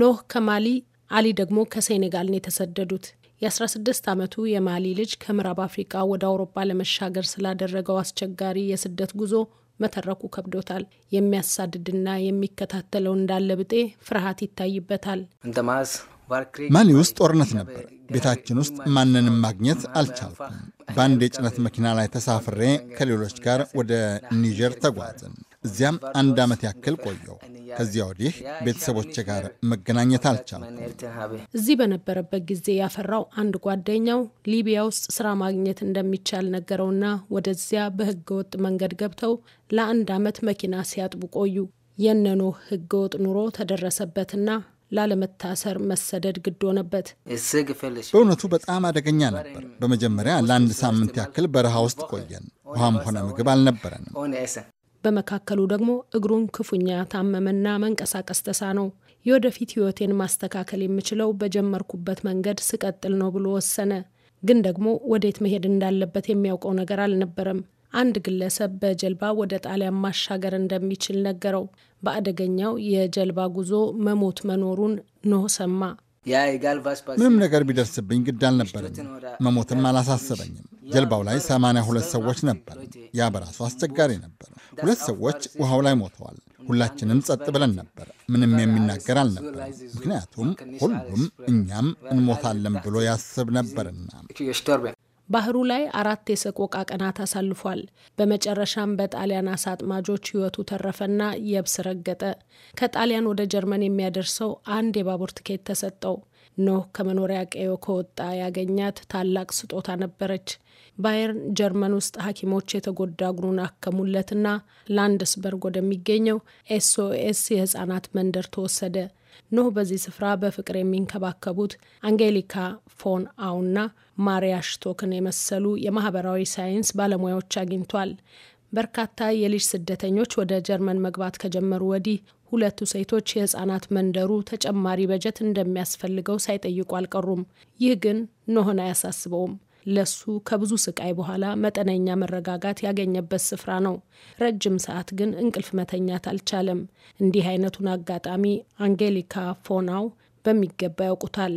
ኖህ ከማሊ አሊ ደግሞ ከሴኔጋል ነው የተሰደዱት። የ16 ዓመቱ የማሊ ልጅ ከምዕራብ አፍሪቃ ወደ አውሮፓ ለመሻገር ስላደረገው አስቸጋሪ የስደት ጉዞ መተረኩ ከብዶታል። የሚያሳድድና የሚከታተለው እንዳለ ብጤ ፍርሃት ይታይበታል። ማሊ ውስጥ ጦርነት ነበር። ቤታችን ውስጥ ማንንም ማግኘት አልቻልኩም። በአንድ የጭነት መኪና ላይ ተሳፍሬ ከሌሎች ጋር ወደ ኒጀር ተጓዝን። እዚያም አንድ ዓመት ያክል ቆየው። ከዚያ ወዲህ ቤተሰቦቼ ጋር መገናኘት አልቻልኩም። እዚህ በነበረበት ጊዜ ያፈራው አንድ ጓደኛው ሊቢያ ውስጥ ስራ ማግኘት እንደሚቻል ነገረውና ወደዚያ በህገወጥ መንገድ ገብተው ለአንድ ዓመት መኪና ሲያጥቡ ቆዩ። ህገ ህገወጥ ኑሮ ተደረሰበትና ላለመታሰር መሰደድ ግድ ሆነበት። በእውነቱ በጣም አደገኛ ነበር። በመጀመሪያ ለአንድ ሳምንት ያክል በረሃ ውስጥ ቆየን። ውሃም ሆነ ምግብ አልነበረንም። በመካከሉ ደግሞ እግሩን ክፉኛ ታመመና መንቀሳቀስ ተሳነው። የወደፊት ህይወቴን ማስተካከል የምችለው በጀመርኩበት መንገድ ስቀጥል ነው ብሎ ወሰነ። ግን ደግሞ ወዴት መሄድ እንዳለበት የሚያውቀው ነገር አልነበረም። አንድ ግለሰብ በጀልባ ወደ ጣሊያን ማሻገር እንደሚችል ነገረው። በአደገኛው የጀልባ ጉዞ መሞት መኖሩን ኖህ ሰማ። ምንም ነገር ቢደርስብኝ ግድ አልነበረኝም። መሞትም አላሳሰበኝም። ጀልባው ላይ ሰማንያ ሁለት ሰዎች ነበር። ያ በራሱ አስቸጋሪ ነበር። ሁለት ሰዎች ውሃው ላይ ሞተዋል። ሁላችንም ጸጥ ብለን ነበር። ምንም የሚናገር አልነበር፣ ምክንያቱም ሁሉም እኛም እንሞታለን ብሎ ያስብ ነበርና። ባህሩ ላይ አራት የሰቆቃ ቀናት አሳልፏል። በመጨረሻም በጣሊያን አሳ አጥማጆች ሕይወቱ ተረፈና የብስ ረገጠ። ከጣሊያን ወደ ጀርመን የሚያደርሰው አንድ የባቡር ትኬት ተሰጠው። ኖህ ከመኖሪያ ቀዮ ከወጣ ያገኛት ታላቅ ስጦታ ነበረች። ባየርን ጀርመን ውስጥ ሐኪሞች የተጎዳ እግሩን አከሙለትና ላንደስበርግ ወደሚገኘው ኤስኦኤስ የህፃናት መንደር ተወሰደ። ኖህ በዚህ ስፍራ በፍቅር የሚንከባከቡት አንጌሊካ ፎን አውና ማሪያ ሽቶክን የመሰሉ የማህበራዊ ሳይንስ ባለሙያዎች አግኝቷል። በርካታ የልጅ ስደተኞች ወደ ጀርመን መግባት ከጀመሩ ወዲህ ሁለቱ ሴቶች የህጻናት መንደሩ ተጨማሪ በጀት እንደሚያስፈልገው ሳይጠይቁ አልቀሩም። ይህ ግን ኖሆን አያሳስበውም። ለሱ ከብዙ ስቃይ በኋላ መጠነኛ መረጋጋት ያገኘበት ስፍራ ነው። ረጅም ሰዓት ግን እንቅልፍ መተኛት አልቻለም። እንዲህ አይነቱን አጋጣሚ አንጌሊካ ፎናው በሚገባ ያውቁታል።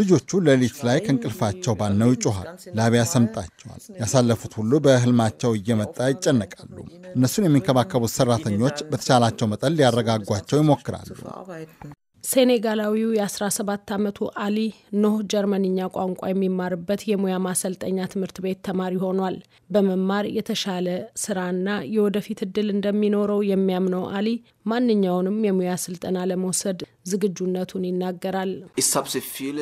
ልጆቹ ሌሊት ላይ ከእንቅልፋቸው ባነው ይጮኋል፣ ላብ ያሰምጣቸዋል። ያሳለፉት ሁሉ በህልማቸው እየመጣ ይጨነቃሉ። እነሱን የሚንከባከቡት ሰራተኞች በተቻላቸው መጠን ሊያረጋጓቸው ይሞክራሉ። ሴኔጋላዊው የ17 ዓመቱ አሊ ኖህ ጀርመንኛ ቋንቋ የሚማርበት የሙያ ማሰልጠኛ ትምህርት ቤት ተማሪ ሆኗል። በመማር የተሻለ ስራና የወደፊት እድል እንደሚኖረው የሚያምነው አሊ ማንኛውንም የሙያ ስልጠና ለመውሰድ ዝግጁነቱን ይናገራል።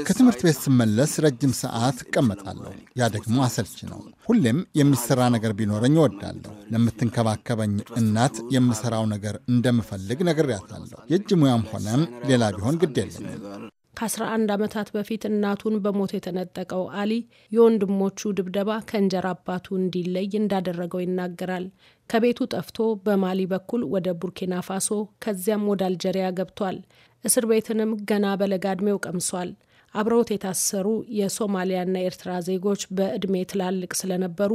ከትምህርት ቤት ስመለስ ረጅም ሰዓት እቀመጣለሁ። ያ ደግሞ አሰልች ነው። ሁሌም የሚሰራ ነገር ቢኖረኝ እወዳለሁ። ለምትንከባከበኝ እናት የምሰራው ነገር እንደምፈልግ ነግሬያታለሁ። የእጅ ሙያም ሆነም ሌላ ቢሆን ግድ የለም። ከ11 ዓመታት በፊት እናቱን በሞት የተነጠቀው አሊ የወንድሞቹ ድብደባ ከእንጀራ አባቱ እንዲለይ እንዳደረገው ይናገራል። ከቤቱ ጠፍቶ በማሊ በኩል ወደ ቡርኪና ፋሶ ከዚያም ወደ አልጀሪያ ገብቷል። እስር ቤትንም ገና በለጋ ዕድሜው ቀምሷል። አብረውት የታሰሩ የሶማሊያና ኤርትራ ዜጎች በዕድሜ ትላልቅ ስለነበሩ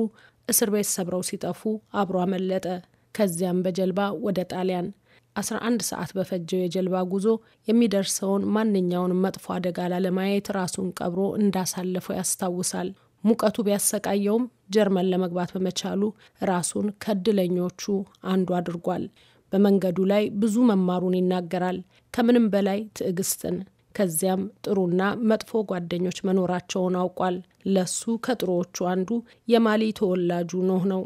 እስር ቤት ሰብረው ሲጠፉ አብሮ አመለጠ። ከዚያም በጀልባ ወደ ጣሊያን 11 ሰዓት በፈጀው የጀልባ ጉዞ የሚደርሰውን ማንኛውን መጥፎ አደጋ ላለማየት ራሱን ቀብሮ እንዳሳለፈው ያስታውሳል። ሙቀቱ ቢያሰቃየውም ጀርመን ለመግባት በመቻሉ ራሱን ከእድለኞቹ አንዱ አድርጓል። በመንገዱ ላይ ብዙ መማሩን ይናገራል። ከምንም በላይ ትዕግስትን። ከዚያም ጥሩና መጥፎ ጓደኞች መኖራቸውን አውቋል። ለሱ ከጥሩዎቹ አንዱ የማሊ ተወላጁ ኖህ ነው።